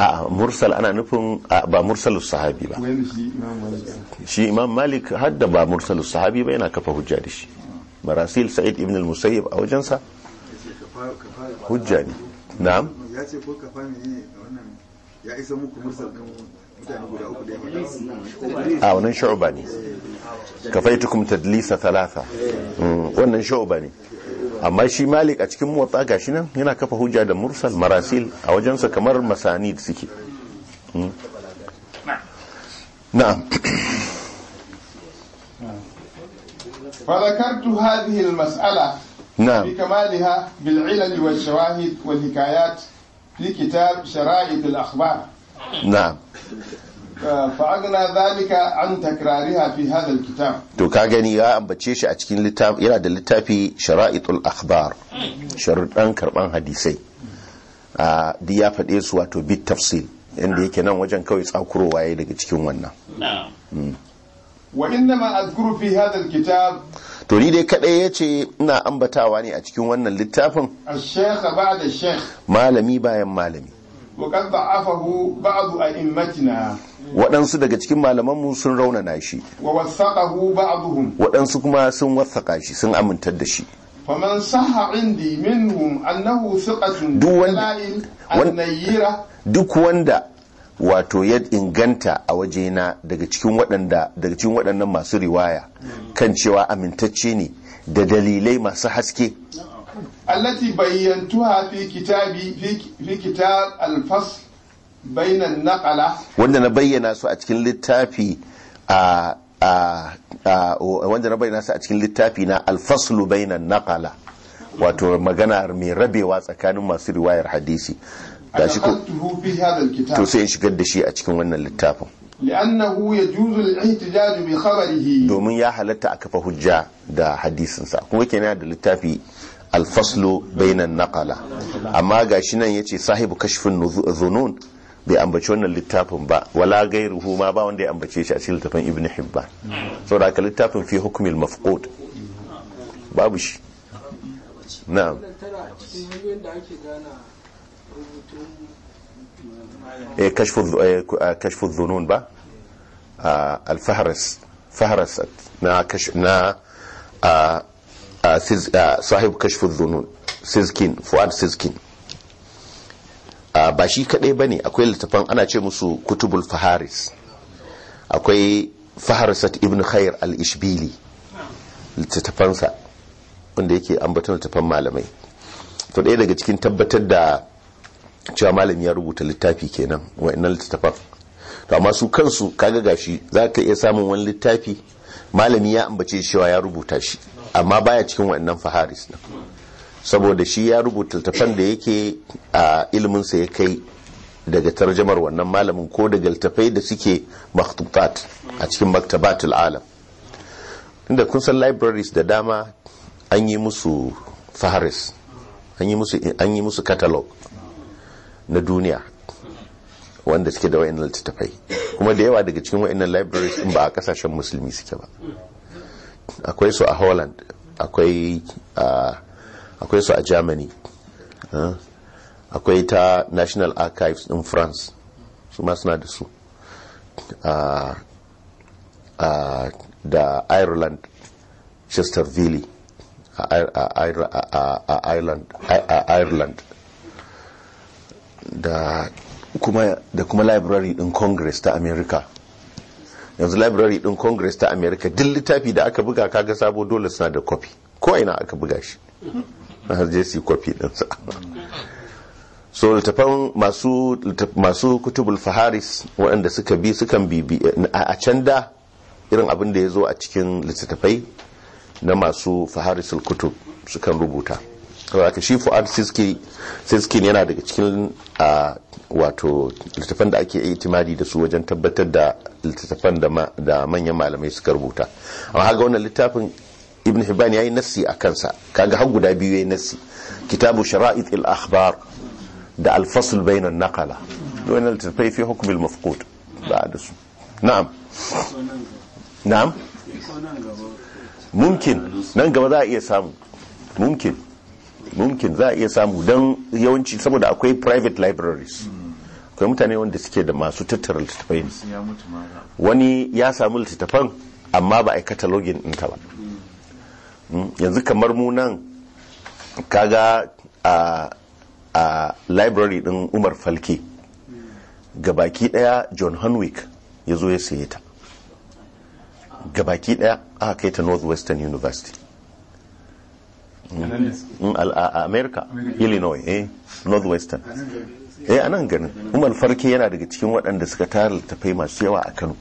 a mursal ana nufin ba mursal sahabi ba shi imam malik hadda ba mursal sahabi ba yana kafa hujja da shi marasil sa'id ibn al-musayyib a wajensa hujja ne na'am ya ce ko kafa ne wannan ya isa muku mursal kan mutane guda uku da ya a wannan sha'uba ne kafaitukum tadlisa thalatha mm, wannan sha'uba ne amma shi malik a cikin muwatta gashi nan yana kafa hujja da mursal marasil a wajensa kamar masanid suke mm. na'am فذكرت هذه المسألة نعم بكمالها بالعلل والشواهد والحكايات في كتاب شرائط الأخبار نعم fa'agna zalika an takrariha fi hadha kitab to ka gani ya ambace shi a cikin littafi yana da littafi shara'itul akhbar ɗan karban hadisai a ah, duk ya faɗe su wato bit tafsil inda yake nan wajen kawai tsakurowa yayi daga cikin wannan mm. wa inna ma azkuru fi hadha kitab to ni dai kadai ya ce ina ambatawa ne a cikin wannan littafin malami bayan malami waɗansu daga cikin malamanmu sun raunana shi waɗansu kuma sun wasaƙa shi sun amintar da shi faman saha indi minhum annahu thiqatun duk wanda wato ya inganta a waje na cikin daga cikin waɗannan masu riwaya kan cewa amintacce ne da dalilai masu haske allati bayyantuha fi kitabi fi kitab alfas bainan naqala wanda na bayyana su a cikin littafi a wanda na bayyana su a cikin littafi na al-faslu bainan naqala wato magana mai rabewa tsakanin masu riwayar hadisi gashi ko to sai in shigar da shi a cikin wannan littafin domin ya halatta a kafa hujja da hadisinsa kuma kenan da littafi alfaslo bainan naqala amma ga shi nan yace sahibu kashfin zunun bai ambaci wannan littafin ba wala gairuhu ma ba wanda ya ambace shi a cikin littafin ibn hibban saboda aka littafin fi hukmil mafqud babu shi na'am Eh, eh, eh, kashfu dhunun ba ah, al-fahras fahras na na ah, ah, sahib kashfu dhunun sizkin fuad siskin. ba shi kadai bane akwai littafan ana ce musu kutubul faharis akwai faharsat ibn khair al-ishbili littafansa wanda yake ambaton littafan malamai to ɗaya daga cikin tabbatar da cewa malami ya rubuta littafi kenan wa'annan littattafan to amma su kansu kaga gashi za ka iya samun wani littafi malami ya ambace cewa ya rubuta shi amma baya cikin wa'annan faharis na saboda shi ya rubuta littafan da yake a ilimin sa ya kai daga tarjamar wannan malamin ko daga littafai da suke maktubat a cikin maktabatul alam inda kun san libraries da dama an yi musu faharis an yi musu catalog na duniya wanda suke da wa'in littattafai kuma da yawa daga cikin wa'annan libraries ba a kasashen musulmi suke ba akwai su a holland akwai ah, akwai su a germany ah, akwai ta national archives in france su ma suna da su ah, da ireland chesterville a ireland da kuma library din congress ta america yanzu library din congress ta america duk littafi da aka buga kaga sabo dole suna da copy ko ina aka buga shi na har jesi copy dinsa so littafan masu masu kutubul faharis waɗanda suka bi sukan bibi a can da irin abin da ya zo a cikin littattafai na masu faharisul kutub sukan rubuta saboda shi fu'ad siskin yana daga cikin wato littattafan da ake itimadi da su wajen tabbatar da littattafan da manyan malamai suka rubuta amma haga wannan littafin ibn hibban yayi nassi a kansa kaga har guda biyu yayi nassi kitabu shara'it al akhbar da al fasl bain an naqala wannan littafai fi hukm al mafqud ba da su na'am na'am mumkin nan gaba za a iya samu mumkin mumkin za a iya samu don yawanci saboda akwai private libraries akwai mutane wanda suke da masu tattara littattafai ne wani ya samu littattafan amma ba a yi katalogin ɗinta ba hmm, yanzu kamar mu nan kaga a a library ɗin umar falke gabaki ɗaya john hanwick ya zo ya saye ta gabaki ɗaya aka kai ta northwestern university Mm. Mm, a america illinois eh northwestern eh anan ganin. garin umar farke yana daga cikin waɗanda suka tara tafai masu yawa a kano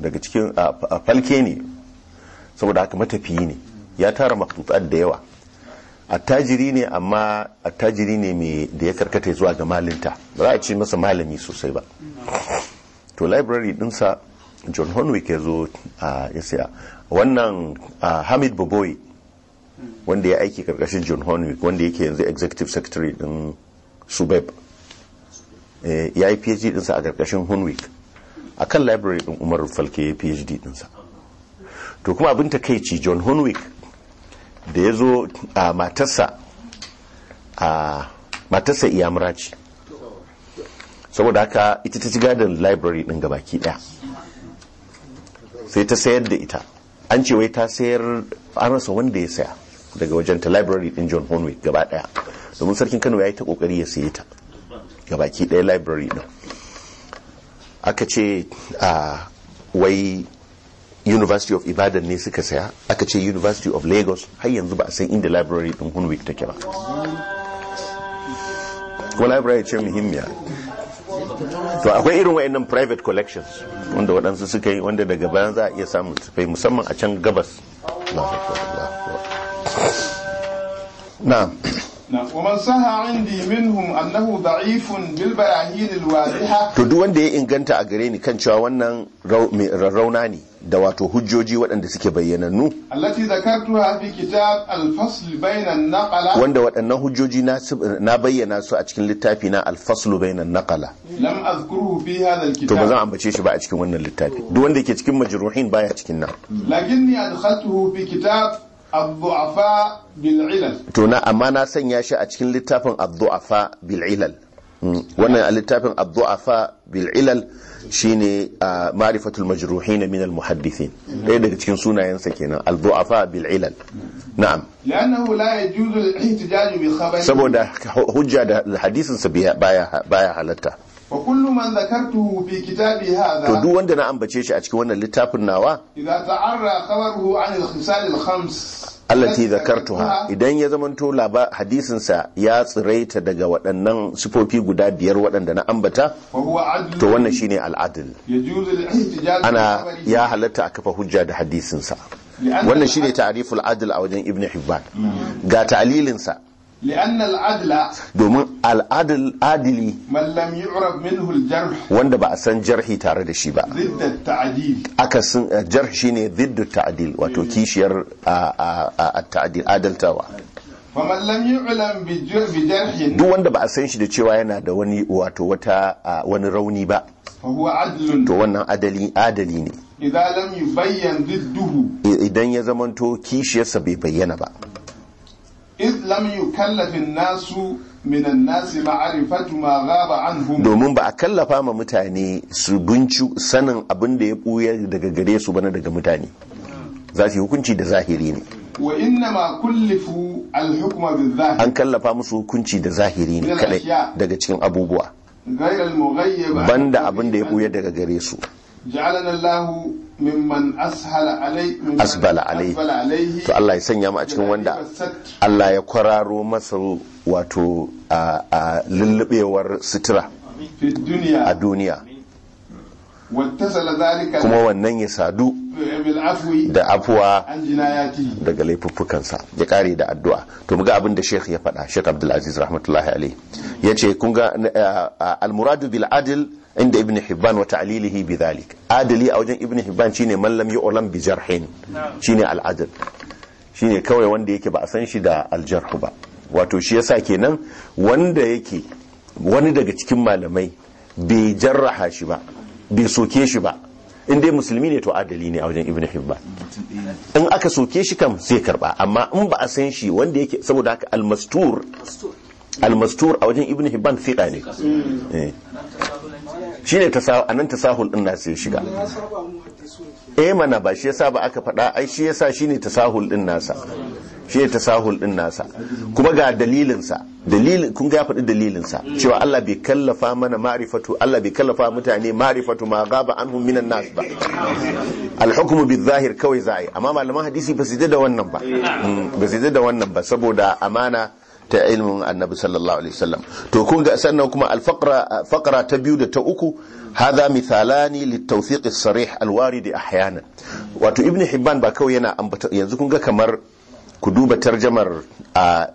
daga cikin a falke ne saboda haka matafiyi ne ya tara makutsar da yawa attajiri ne amma attajiri ne mai da ya karkata zuwa ga malinta ba za a ci masa malami sosai ba to library dinsa john honwick ya zo ya siya wannan hamid boboi wanda ya aiki karkashin john hornwick wanda yake yanzu executive secretary din subeb eh, ya yi phd dinsa a karkashin hornwick a kan library din umar falke ya yi phd dinsa to kuma abin ta kaici john hornwick da ya zo a matarsa a matarsa iyamura ce saboda haka ita ta ci gadon library din gabaki daya sai ta sayar da ita an ce wai ta sayar an rasa wanda ya saya daga wajen ta library din John Conway gaba daya domin sarkin Kano ya yi ta kokari ya saye ta baki daya library din aka ce a wai University of Ibadan ne suka saya aka ce University of Lagos har yanzu ba a san inda library din Hunwick take ba ko library ce muhimmiya to akwai irin wayannan private collections wanda waɗansu suka yi wanda daga bayan za a iya samun tufai musamman a can gabas na'am ومن صح عندي منهم انه ضعيف بالبراهين الواضحه to duk wanda ya inganta a gare ni kan cewa wannan rarrauna ne da wato hujjoji waɗanda suke bayyanannu allati zakartuha fi kitab al-fasl bayna an-naqala wanda waɗannan hujjoji na bayyana su a cikin littafi na al-fasl bayna an-naqala lam azkuruhu fi hadha al-kitab to ba zan ambace shi ba a cikin wannan littafi duk wanda yake cikin majruhin baya cikin nan lakinni adkhaltuhu fi kitab addu'afa bil ilal to na amma na sanya shi a cikin littafin addu'afa bil ilal hmm. wannan a littafin addu'afa bil ilal shine ma'rifatul majruhin min al muhaddithin ɗaya daga cikin sunayensa kenan addu'afa bil ilal na'am li'annahu la yajuzu al ihtijaj bi khabari saboda hujja da hadisin sa baya baya halatta wa kullu man zakartuhu fi kitabi hadha to duk wanda na ambace shi a cikin wannan littafin nawa idza ta'arra khabaruhu an al-khisal idan ya zamanto laba hadisin sa ya tsiraita daga waɗannan sifofi guda biyar waɗanda na ambata to wannan shine al ana ya halatta a kafa hujja da hadisin sa wannan shine ta'riful adl a wajen ibn hibban mm. ga ta'lilin sa domin al'adili wanda ba a san jarhi tare da shi ba aka sun jarh shi ne ta'adil wato kishiyar ta'adil adaltawa duk wanda ba a san shi da cewa yana da wani wato wata rauni ba to wannan adali adali ne idan ya zamanto kishiyarsa bai bayyana ba lam yukallafin nasu minan nasi ma'arifatu ma ghaba anhum domin ba a kallafa ma mutane su buncu sanin abin da ya buya daga gare su bana daga mutane za su hukunci da zahiri ne wa inna ma kullifu al-hukma bil-zahir an kallafa musu hukunci da zahiri ne kadai daga cikin abubuwa banda abin da ya buya daga gare su ja'alana Allahu mimman alai asbala alai to Allah ya sanya mu a cikin wanda Allah ya kwararo masa wato a lullubewar sutura a duniya kuma wannan ya sadu da afuwa daga laifuffukansa ya kare da addu'a to muga abin da sheikh ya faɗa sheikh abdulaziz rahmatullahi alai ya ce kun ga eh, eh, almuradu bil adil inda ibn hibban wa ta'lilihi bi dhalik adali a wajen ibn hibban shine mallam ya ulam bi jarhin shine al adl shine kawai wanda yake ba a san shi da al jarh ba wato shi yasa kenan wanda yake wani daga cikin malamai bai jarraha shi ba bai soke shi ba in dai musulmi ne to adali ne a wajen ibn hibban in aka soke shi kam sai karba amma in ba a san shi wanda yake saboda haka almastur almastur a wajen ibn hibban fiqa ne mm. eh. shi ne a nan tasahul ɗin na sai shiga eh mana ba shi yasa ba aka faɗa ai shi yasa shi ne tasahul ɗin nasa shi ne tasahul din nasa kuma ga dalilinsa dalilin kun ga faɗi dalilinsa cewa Allah bai kallafa mana ma'rifatu Allah bai kallafa mutane ma'rifatu ma gaba anhum minan nas ba al-hukmu zahir kawai za'i amma malaman hadisi ba su da wannan ba hmm, ba su da wannan ba saboda amana ta ilmin annabi sallallahu alaihi wasallam to kun ga sannan kuma al-faqra faqra ta biyu da ta uku hadha mithalani litawthiq as-sarih al-warid ahyanan wato ibn hibban ba kawai yana yanzu kun ga kamar ku duba tarjamar a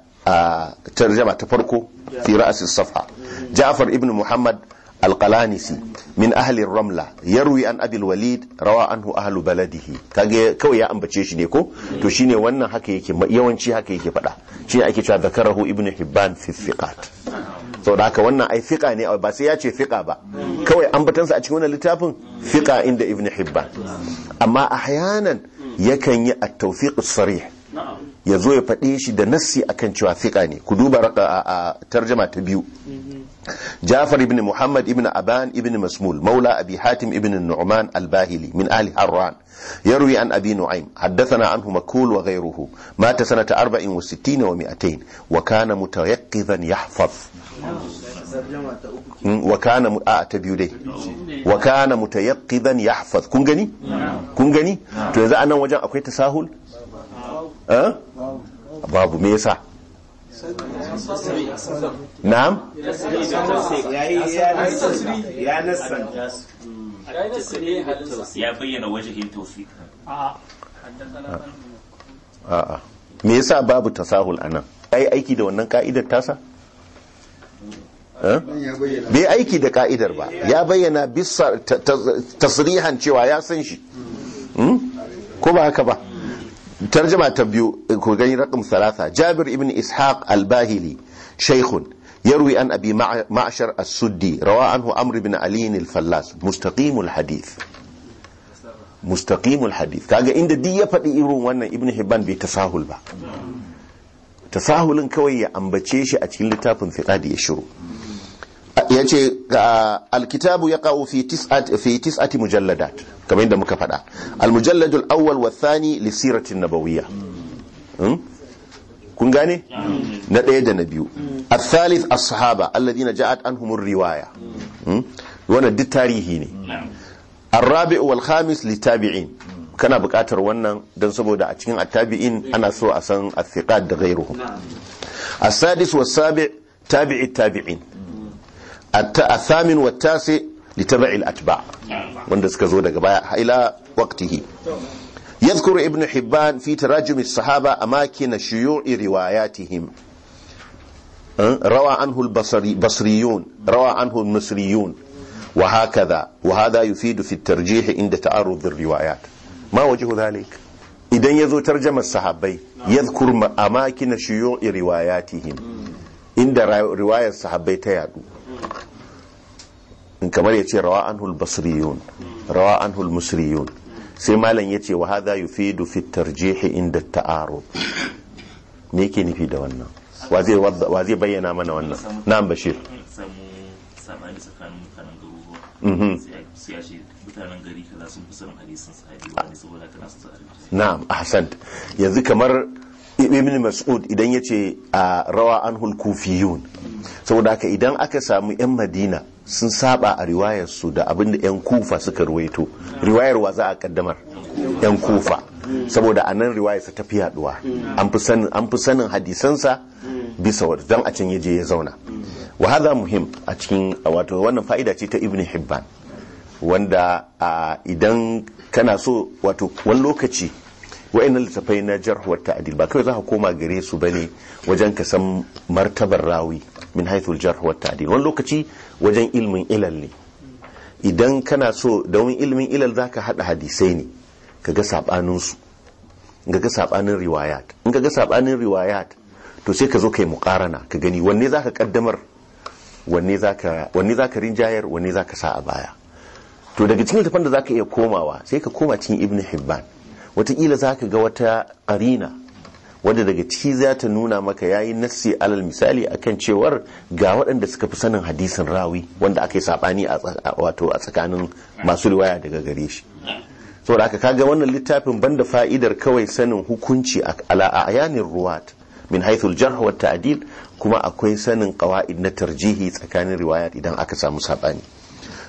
tarjama ta farko fi ra'asin safa ja'far ibn muhammad alqalanisi min ahli ramla yarwi an abil walid rawa anhu ahlu baladihi kage kawai ya ambace shi ne ko to shine wannan haka yake yawanci haka yake faɗa shine ake cewa zakarahu ibn hibban fi thiqat saboda haka wannan ai fiqa ne ba sai ya ce fiqa ba kawai ambatansa a cikin wannan littafin fiqa inda ibn hibban amma ahyanan yakan yi a tawfiq sarih ya zo ya faɗe shi da nassi akan cewa fiƙa ne ku duba a tarjama ta biyu jafar ibn muhammad ibn aban ibn masmul maula abi hatim ibn nu'man al-bahili min ali harran يروي عن أبي نعيم حدثنا عنه مكول وغيره مات سنة 64 wa 200 وكان متيقظا يحفظ وكان م... آه تبيو دي وكان متيقظا يحفظ كن غني كن غني تو إذا أنا وجه أكوي تساهل Eh? babu me yasa na'am ya ya bayyana me yasa babu tasahul anan ai aiki da wannan ka'idar tasa eh? bai aiki da ka'idar ba ya bayyana bisa tasrihan cewa ya san shi hmm? ko ba haka ba tarjama ta biyu eh, ku gani raqam salasa jabir ibn ishaq al-bahili shaykhun yarwi an أبي معشر السدي روى عنه عمرو بن علي الفلاس مستقيم الحديث مستقيم kaga inda عند دي irin wannan ibn hibban bai tasahul ba tasahulin kawai ya ambace shi a cikin littafin fiqadi ya shiru yace alkitabu yaqa'u fi tis'ati fi tis'ati mujalladat kamar yadda muka faɗa al-mujalladul awwal wa thani li siratin nabawiyya hmm? kun gane na ɗaya da na biyu al-thalith as-sahaba alladhina ja'at anhum riwaya hmm? wannan duk tarihi ne ar-rabi' wal khamis li tabi'in kana buƙatar wannan don saboda a cikin at ana so a san athiqat da ghayruhum as-sadis was-sabi' tabi'i tabi'in الثامن tasi. لتبع الأتباع نعم. وندس كزودة قبايا إلى وقته يذكر ابن حبان في تراجم الصحابة أماكن شيوع رواياتهم أه؟ روى عنه البصريون روى عنه المصريون وهكذا وهذا يفيد في الترجيح عند تعرض الروايات ما وجه ذلك إذا يذو ترجم الصحابي يذكر أماكن شيوع رواياتهم عند رواية الصحابي تيادو kamar ya ce rawa anhul basriyun rawa an anhul musriyun sai malam ya ce wa hadha yufidu fi tarjihi inda ta'arud me yake nufi da wannan wa zai bayyana mana wannan na'am bashir na'am ahsant yanzu kamar ibn mas'ud idan ya ce a rawa anhul kufiyun saboda haka idan aka samu 'yan madina sun saba a riwayarsu da abin da 'yan kufa suka ruwaito riwayar wa za a kaddamar 'yan kufa saboda a nan riwayarsa ta fi yaduwa an fi sanin hadisansa bisa wata don a can yaje ya zauna wa haza muhim a cikin wato wannan fa'ida ce ta ibn hibban wanda idan kana so wato wani lokaci wa'in littafai na jarh wa ta'dil ba kawai za ka koma gare su bane wajen ka san martabar rawi min haithul jarh wa wani lokaci wajen ilmin ilal ne idan kana so da wani ilmin ilal zaka hada hadisai ne ga sabanin su ga sabanin riwayat in ga sabanin riwayat to sai ka zo kai muqarana ka gani wanne zaka kaddamar wanne zaka wanne zaka rinjayar wanne zaka sa a baya to daga cikin littafan da zaka iya komawa sai ka koma cikin ibn hibban watakila za ka ga wata ƙarina wadda daga ciki za ta nuna maka yayi nassi alal misali akan cewar ga waɗanda suka fi sanin hadisin rawi wanda aka yi saɓani a tsakanin masu riwaya daga gare shi saboda aka kaga wannan littafin da fa'idar kawai sanin hukunci a ayanin ruwat min haithul jarh wa ta'dil kuma akwai sanin qawaid na tarjihi tsakanin riwayat idan aka samu saɓani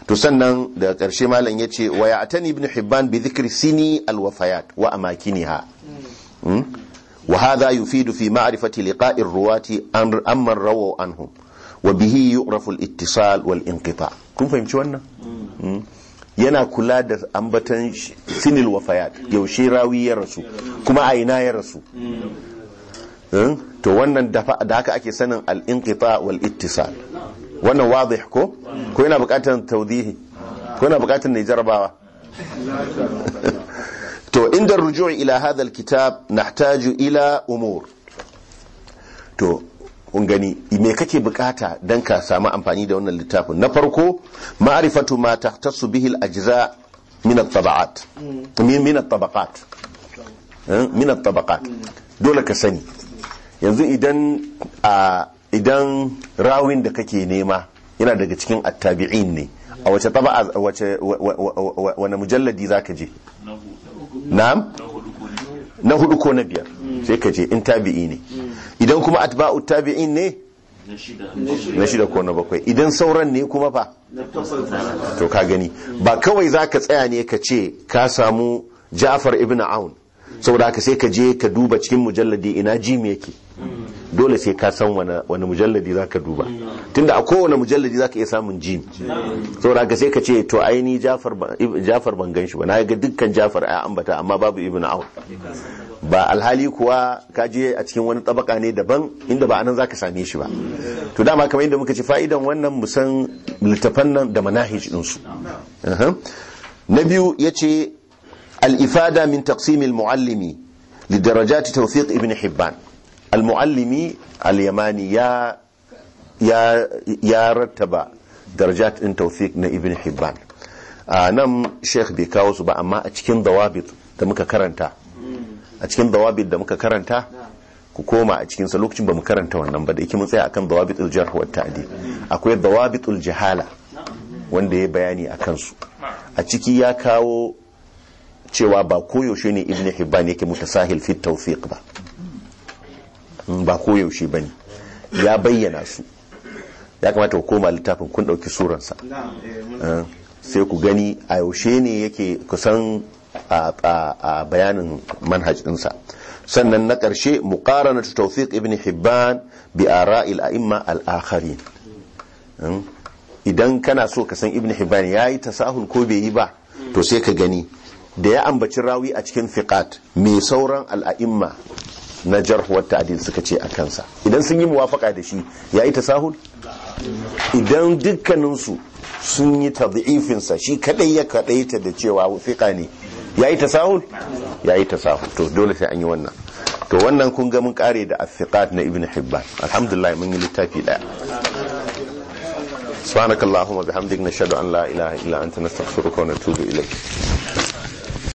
to sannan daga karshe malam ya ce wa ya'tani ibn hibban bi dhikri sini alwafayat wa amakiniha hmm? wa haza yufidu fi ma'arifati liqa'i ruwati an man anhum wa bihi yu'rafu al-ittisal wal inqita kun fahimci wannan hmm. yana kula da ambatan sinil wafayat yaushe rawi ya rasu kuma a ina ya rasu hmm. to wannan da haka ake sanin al-inqita wal ittisal wannan wadih ko ko yana bukatar tawdihi ko yana bukatar ne jarabawa to inda rujuu ila hadha alkitab nahtaju ila umur to kun gani me kake bukata dan ka samu amfani da wannan littafin na farko ma'rifatu ma ta bihi al-ajza min hmm. at-tabaqat hmm? min tabaqat min tabaqat dole ka sani yanzu idan a idan rawin da kake nema yana daga cikin attabi'in ne a wace taba'a wace wani mujalladi zaka je na'am na hudu ko na biyar sai ka je in tabi'i ne idan kuma atba'u tabi'in ne na shida ko na bakwai idan sauran ne kuma fa to ka gani ba kawai za ka tsaya ne ka ce ka samu ja'far ibn aun saboda haka sai ka je ka duba cikin mujalladi ina jim yake dole sai ka san wani mujalladi za ka duba tunda a kowane mujalladi za ka iya samun jim saboda ga sai ka ce to aini jafar ban gan shi ba na ga dukkan jafar a ambata amma babu ibn aun ba alhali kuwa ka je a cikin wani tabaka ne daban inda ba anan za ka same shi ba to dama kamar yadda muka ce fa'idan wannan musan littafan nan da manahij ɗinsu na biyu ya ce al-ifada min taqsimil muallimi li darajati tawfiq ibn hibban al-muallimi al-yamani ya ya ya rattaba darajat din tawfiq na ibn hibban a nan sheikh bai kawo su ba amma a cikin dawabit da muka karanta a cikin dawabit da muka karanta ku koma a cikinsa lokacin ba mu karanta wannan ba da yake mun tsaya akan dawabitul jarh wa ta'di akwai dawabitul jahala wanda ya bayani a kansu a ciki ya kawo cewa ba koyaushe ne ibn hibban yake mutasahil fi tawfiq ba ba koyaushe ba ne ya bayyana su ya kamata ku koma littafin kun ɗauki suransa eh, sai ku gani a yaushe ne yake kusan a bayanin manhaj sannan na ƙarshe muƙarana tawfiq ibn hibban bi ra'il a imma al'akari hmm? idan kana so ka san ibn hibban ya yi tasahun ko bai yi ba to sai ka gani da ya ambaci rawi a cikin fiqat mai sauran al'a'imma na jarhuwar ta'adil suka ce a kansa idan sun yi muwafaka da shi ya yi tasahul idan dukkaninsu sun yi tadhifinsa shi kadai ya kadaita da cewa fiqa ne ya yi tasahul ya yi tasahul to dole sai an yi wannan to wannan kun ga mun kare da afiqat na ibn hibban alhamdulillah mun yi littafi daya subhanakallahumma bihamdika illa anta